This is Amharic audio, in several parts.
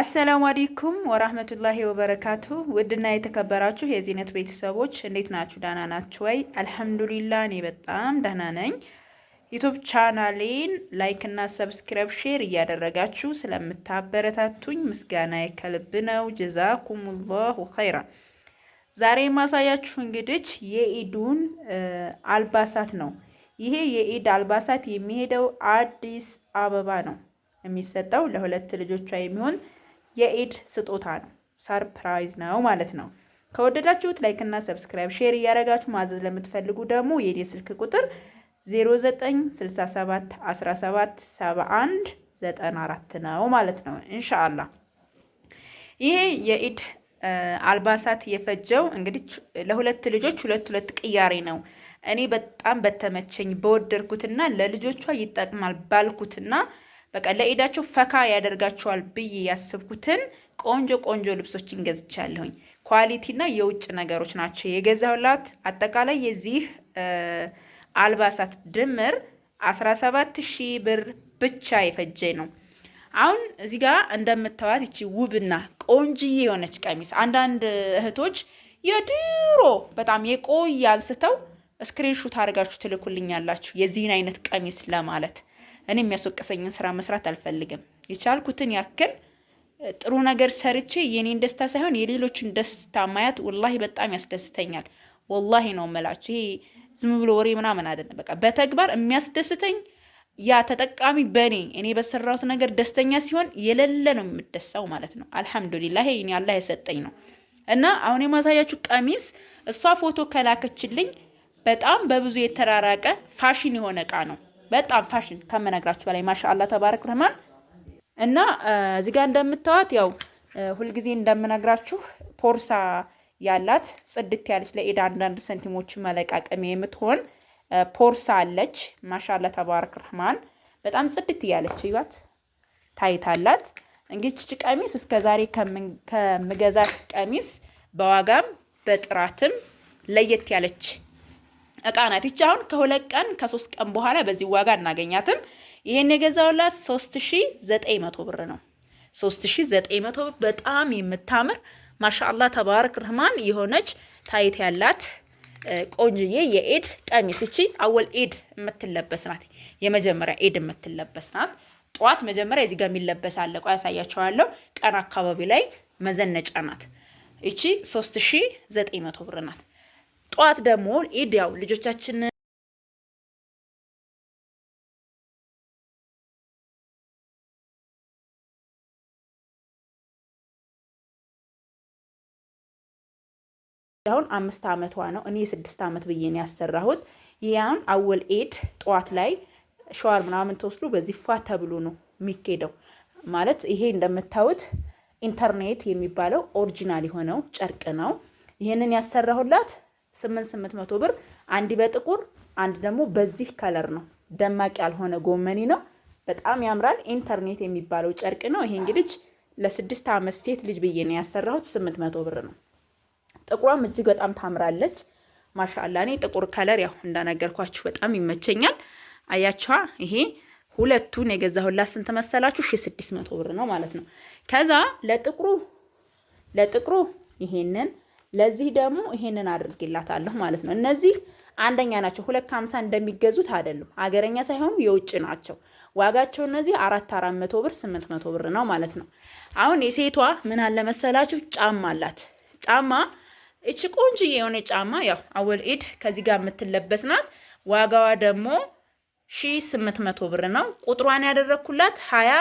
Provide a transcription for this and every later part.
አሰላሙ አለይኩም ወራህመቱላሂ ወበረካቱ። ውድና የተከበራችሁ የዚህነት ቤተሰቦች እንዴት ናችሁ? ዳና ናችሁ ወይ? አልሐምዱሊላ እኔ በጣም ዳና ነኝ። ዩቱብ ቻናሌን ላይክ እና ሰብስክራይብ፣ ሼር እያደረጋችሁ ስለምታበረታቱኝ ምስጋና የከልብ ነው። ጀዛኩሙላሁ ኸይራ። ዛሬ የማሳያችሁ እንግዲህ የኢዱን አልባሳት ነው። ይሄ የኢድ አልባሳት የሚሄደው አዲስ አበባ ነው የሚሰጠው ለሁለት ልጆቿ የሚሆን የኢድ ስጦታ ነው፣ ሰርፕራይዝ ነው ማለት ነው። ከወደዳችሁት ላይክና ሰብስክራይብ ሼር እያደረጋችሁ ማዘዝ ለምትፈልጉ ደግሞ የኔ ስልክ ቁጥር 0967 94 ነው ማለት ነው። እንሻአላ ይሄ የኢድ አልባሳት የፈጀው እንግዲህ ለሁለት ልጆች ሁለት ሁለት ቅያሬ ነው። እኔ በጣም በተመቸኝ በወደድኩትና ለልጆቿ ይጠቅማል ባልኩትና በቃ ለኢዳቸው ፈካ ያደርጋቸዋል ብዬ ያስብኩትን ቆንጆ ቆንጆ ልብሶችን ገዝቻለሁኝ። ኳሊቲና የውጭ ነገሮች ናቸው የገዛሁላት። አጠቃላይ የዚህ አልባሳት ድምር 17 ሺህ ብር ብቻ የፈጀ ነው። አሁን እዚህ ጋ እንደምታዋት ይቺ ውብና ቆንጅዬ የሆነች ቀሚስ አንዳንድ እህቶች የድሮ በጣም የቆየ አንስተው ስክሪንሹት አድርጋችሁ ትልኩልኛላችሁ የዚህን አይነት ቀሚስ ለማለት እኔ የሚያስወቀሰኝን ስራ መስራት አልፈልግም። የቻልኩትን ያክል ጥሩ ነገር ሰርቼ የኔን ደስታ ሳይሆን የሌሎችን ደስታ ማየት ወላሂ በጣም ያስደስተኛል። ወላሂ ነው የምላችሁ። ይሄ ዝም ብሎ ወሬ ምናምን አይደለም። በቃ በተግባር የሚያስደስተኝ ያ ተጠቃሚ በእኔ እኔ በሰራሁት ነገር ደስተኛ ሲሆን የሌለ ነው የምደሳው ማለት ነው። አልሐምዱሊላህ ይሄ አላህ የሰጠኝ ነው እና አሁን የማሳያችሁ ቀሚስ እሷ ፎቶ ከላከችልኝ በጣም በብዙ የተራራቀ ፋሽን የሆነ እቃ ነው። በጣም ፋሽን ከመነግራችሁ በላይ ማሻአላ ተባረክ ረህማን እና እዚህ ጋር እንደምታዋት ያው ሁልጊዜ እንደምነግራችሁ ፖርሳ ያላት ጽድት ያለች ለኢድ አንዳንድ ሰንቲሞች መለቃቀሚያ የምትሆን ፖርሳ አለች። ማሻላ ተባረክ ረህማን በጣም ጽድት እያለች እዩት። ታይታላት እንግዲህ ቺ ቀሚስ እስከ ዛሬ ከምገዛት ቀሚስ በዋጋም በጥራትም ለየት ያለች እቃ ናት። ይቺ አሁን ከሁለት ቀን ከሶስት ቀን በኋላ በዚህ ዋጋ እናገኛትም። ይሄን የገዛውላት ሶስት ሺ ዘጠኝ መቶ ብር ነው። ሶስት ሺ ዘጠኝ መቶ በጣም የምታምር ማሻአላ ተባረክ ረህማን የሆነች ታይት ያላት ቆንጅዬ የኤድ ቀሚስ እቺ አወል ኤድ የምትለበስ ናት። የመጀመሪያ ኤድ የምትለበስ ናት። ጠዋት መጀመሪያ እዚህ ጋር የሚለበስ አለ። ቆይ ያሳያቸዋለሁ። ቀን አካባቢ ላይ መዘነጫ ናት። እቺ 3900 ብር ናት። ጠዋት ደግሞ ኢድ ያው ልጆቻችን አሁን አምስት ዓመቷ ነው። እኔ የስድስት ዓመት ብዬ ነው ያሰራሁት። ያን አወል ኤድ ጠዋት ላይ ሸዋር ምናምን ተወስዶ በዚህ ፏ ተብሎ ነው የሚኬደው። ማለት ይሄ እንደምታዩት ኢንተርኔት የሚባለው ኦሪጂናል የሆነው ጨርቅ ነው። ይህንን ያሰራሁላት ስምንት ስምንት መቶ ብር አንድ በጥቁር አንድ ደግሞ በዚህ ከለር ነው። ደማቅ ያልሆነ ጎመኒ ነው። በጣም ያምራል። ኢንተርኔት የሚባለው ጨርቅ ነው። ይሄ እንግዲህ ለስድስት ዓመት ሴት ልጅ ብዬ ነው ያሰራሁት። ስምንት መቶ ብር ነው። ጥቁሯም እጅግ በጣም ታምራለች። ማሻላ እኔ ጥቁር ከለር ያው እንዳነገርኳችሁ በጣም ይመቸኛል። አያችኋ ይሄ ሁለቱን የገዛሁላት ስንት መሰላችሁ? ሺ ስድስት መቶ ብር ነው ማለት ነው። ከዛ ለጥቁሩ ለጥቁሩ ይሄንን ለዚህ ደግሞ ይሄንን አድርጌላታለሁ ማለት ነው። እነዚህ አንደኛ ናቸው። ሁለት ከሀምሳ እንደሚገዙት አይደሉም። አገረኛ ሳይሆኑ የውጭ ናቸው። ዋጋቸው እነዚህ አራት አራት መቶ ብር ስምንት መቶ ብር ነው ማለት ነው። አሁን የሴቷ ምን አለ መሰላችሁ ጫማ አላት። ጫማ እቺ ቆንጆ የሆነ ጫማ ያው አወል ኢድ ከዚህ ጋር የምትለበስ ናት። ዋጋዋ ደግሞ ሺ ስምንት መቶ ብር ነው። ቁጥሯን ያደረግኩላት ሀያ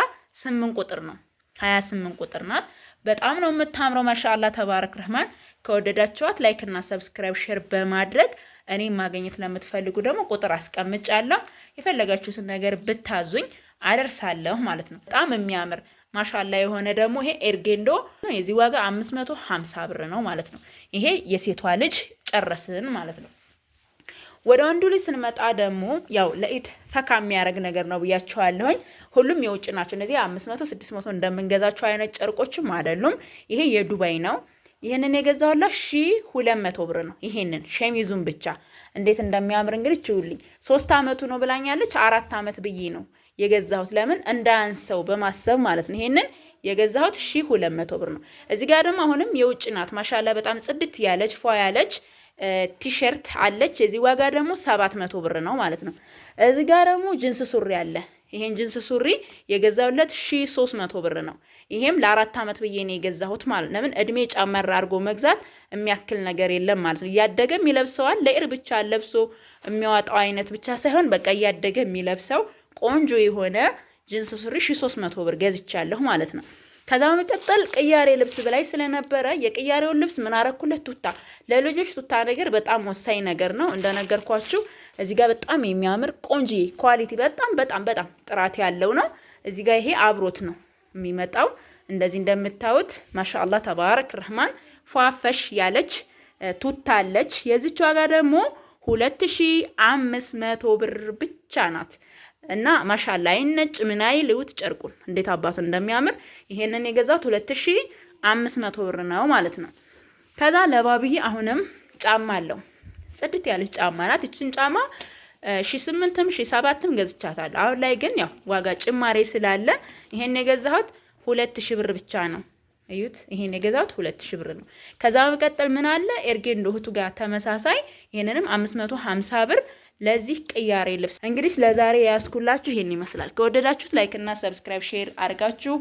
ስምንት ቁጥር ነው። ሀያ ስምንት ቁጥር ናት። በጣም ነው የምታምረው። ማሻአላ ተባረክ ረህማን ከወደዳችኋት ላይክ እና ሰብስክራይብ ሼር በማድረግ እኔ ማግኘት ለምትፈልጉ ደግሞ ቁጥር አስቀምጫለሁ። የፈለጋችሁትን ነገር ብታዙኝ አደርሳለሁ ማለት ነው። በጣም የሚያምር ማሻላ የሆነ ደግሞ ይሄ ኤርጌንዶ የዚህ ዋጋ 550 ብር ነው ማለት ነው። ይሄ የሴቷ ልጅ ጨረስን ማለት ነው። ወደ ወንዱ ልጅ ስንመጣ ደግሞ ያው ለኢድ ፈካ የሚያደርግ ነገር ነው ብያቸዋለሁኝ። ሁሉም የውጭ ናቸው። እነዚህ 500 600 እንደምንገዛቸው አይነት ጨርቆችም አይደሉም። ይሄ የዱባይ ነው። ይህንን የገዛውላ ሺ ሁለት መቶ ብር ነው። ይሄንን ሸሚዙን ብቻ እንዴት እንደሚያምር እንግዲህ ችውልኝ። ሶስት አመቱ ነው ብላኛለች። አራት አመት ብዬ ነው የገዛሁት ለምን እንዳያንሰው በማሰብ ማለት ነው። ይሄንን የገዛሁት ሺ ሁለት መቶ ብር ነው። እዚህ ጋር ደግሞ አሁንም የውጭ ናት። ማሻላ በጣም ጽድት ያለች ፏ ያለች ቲሸርት አለች። የዚህ ዋጋ ደግሞ ሰባት መቶ ብር ነው ማለት ነው። እዚህ ጋር ደግሞ ጅንስ ሱሪ አለ ይሄን ጅንስ ሱሪ የገዛሁለት ሺ ሶስት መቶ ብር ነው። ይሄም ለአራት ዓመት ብዬ ነው የገዛሁት ማለት ለምን እድሜ ጨመር አድርጎ መግዛት የሚያክል ነገር የለም ማለት ነው። እያደገም ይለብሰዋል። ለኢር ብቻ ለብሶ የሚያወጣው አይነት ብቻ ሳይሆን በቃ እያደገ የሚለብሰው ቆንጆ የሆነ ጅንስ ሱሪ ሺ ሶስት መቶ ብር ገዝቻለሁ ማለት ነው። ከዛ በመቀጠል ቅያሬ ልብስ በላይ ስለነበረ የቅያሬውን ልብስ ምን አረኩለት? ቱታ ለልጆች ቱታ ነገር በጣም ወሳኝ ነገር ነው እንደነገርኳችሁ እዚህ ጋር በጣም የሚያምር ቆንጂ ኳሊቲ በጣም በጣም በጣም ጥራት ያለው ነው። እዚህ ጋር ይሄ አብሮት ነው የሚመጣው። እንደዚህ እንደምታዩት ማሻአላ ተባረክ ረህማን ፏፈሽ ያለች ቱታ አለች። የዚች ዋጋ ደግሞ ሁለት ሺ አምስት መቶ ብር ብቻ ናት እና ማሻአላ ነጭ ምናይ ልዩት ጨርቁን እንዴት አባቱ እንደሚያምር ይሄንን የገዛሁት ሁለት ሺ አምስት መቶ ብር ነው ማለት ነው። ከዛ ለባብዬ አሁንም ጫማ አለው ጽድት ያለች ጫማ ናት። ይችን ጫማ ሺ ስምንትም ሺ ሰባትም ገዝቻታለሁ። አሁን ላይ ግን ያው ዋጋ ጭማሬ ስላለ ይሄን የገዛሁት ሁለት ሺ ብር ብቻ ነው። እዩት፣ ይሄን የገዛሁት ሁለት ሺ ብር ነው። ከዛ በመቀጠል ምን አለ እንደ እህቱ ጋር ተመሳሳይ ይሄንንም አምስት መቶ ሀምሳ ብር ለዚህ ቅያሬ ልብስ እንግዲህ ለዛሬ ያስኩላችሁ ይሄን ይመስላል። ከወደዳችሁት ላይክ እና ሰብስክራይብ ሼር አድርጋችሁ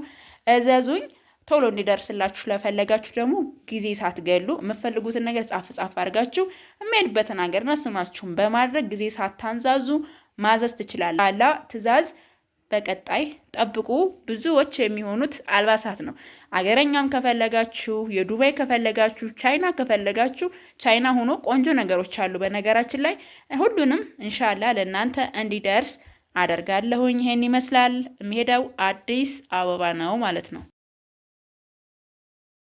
እዘዙኝ። ቶሎ እንዲደርስላችሁ ለፈለጋችሁ ደግሞ ጊዜ ሳትገሉ የምፈልጉትን ነገር ጻፍ ጻፍ አድርጋችሁ የሚሄድበትን ሀገርና ስማችሁን በማድረግ ጊዜ ሳታንዛዙ ማዘዝ ትችላለ አላ ትእዛዝ በቀጣይ ጠብቁ። ብዙዎች የሚሆኑት አልባሳት ነው። አገረኛም ከፈለጋችሁ፣ የዱባይ ከፈለጋችሁ፣ ቻይና ከፈለጋችሁ ቻይና ሆኖ ቆንጆ ነገሮች አሉ። በነገራችን ላይ ሁሉንም እንሻላ ለእናንተ እንዲደርስ አደርጋለሁኝ። ይሄን ይመስላል። የሚሄደው አዲስ አበባ ነው ማለት ነው።